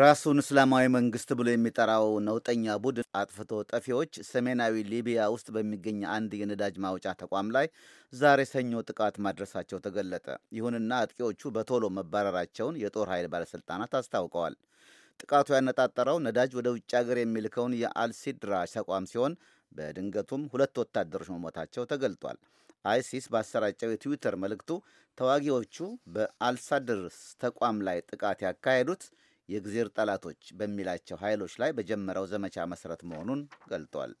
ራሱን እስላማዊ መንግስት ብሎ የሚጠራው ነውጠኛ ቡድን አጥፍቶ ጠፊዎች ሰሜናዊ ሊቢያ ውስጥ በሚገኝ አንድ የነዳጅ ማውጫ ተቋም ላይ ዛሬ ሰኞ ጥቃት ማድረሳቸው ተገለጠ። ይሁንና አጥቂዎቹ በቶሎ መባረራቸውን የጦር ኃይል ባለሥልጣናት አስታውቀዋል። ጥቃቱ ያነጣጠረው ነዳጅ ወደ ውጭ ሀገር የሚልከውን የአልሲድራ ተቋም ሲሆን በድንገቱም ሁለት ወታደሮች መሞታቸው ተገልጧል። አይሲስ ባሰራጨው የትዊተር መልእክቱ ተዋጊዎቹ በአልሳድርስ ተቋም ላይ ጥቃት ያካሄዱት የእግዜር ጠላቶች በሚላቸው ኃይሎች ላይ በጀመረው ዘመቻ መሠረት መሆኑን ገልጧል።